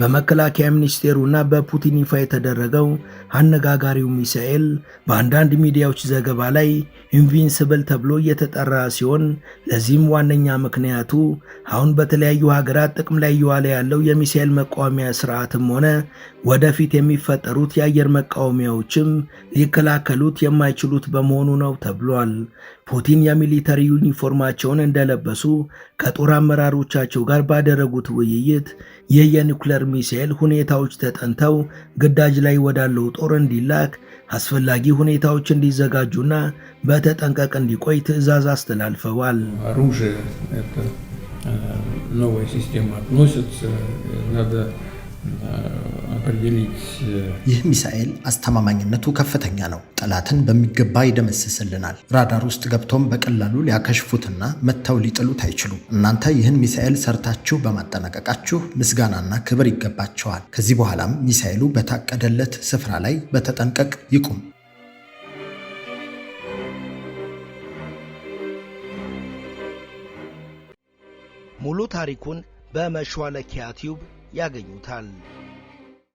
በመከላከያ ሚኒስቴሩና በፑቲን ይፋ የተደረገው አነጋጋሪው ሚሳኤል በአንዳንድ ሚዲያዎች ዘገባ ላይ ኢንቪንስብል ተብሎ እየተጠራ ሲሆን ለዚህም ዋነኛ ምክንያቱ አሁን በተለያዩ ሀገራት ጥቅም ላይ እየዋለ ያለው የሚሳኤል መቃወሚያ ስርዓትም ሆነ ወደፊት የሚፈጠሩት የአየር መቃወሚያዎችም ሊከላከሉት የማይችሉት በመሆኑ ነው ተብሏል። ፑቲን የሚሊተሪ ዩኒፎርማቸውን እንደለበሱ ከጦር አመራሮቻቸው ጋር ባደረጉት ውይይት ይህ የኒውክለር ሚሳኤል ሁኔታዎች ተጠንተው ግዳጅ ላይ ወዳለው ጦር እንዲላክ አስፈላጊ ሁኔታዎች እንዲዘጋጁና በተጠንቀቅ እንዲቆይ ትዕዛዝ አስተላልፈዋል። ይህ ሚሳኤል አስተማማኝነቱ ከፍተኛ ነው። ጠላትን በሚገባ ይደመስስልናል። ራዳር ውስጥ ገብቶም በቀላሉ ሊያከሽፉትና መጥተው ሊጥሉት አይችሉም። እናንተ ይህን ሚሳኤል ሰርታችሁ በማጠናቀቃችሁ ምስጋናና ክብር ይገባቸዋል። ከዚህ በኋላም ሚሳኤሉ በታቀደለት ስፍራ ላይ በተጠንቀቅ ይቁም። ሙሉ ታሪኩን በመሿለኪያ ቲዩብ ያገኙታል።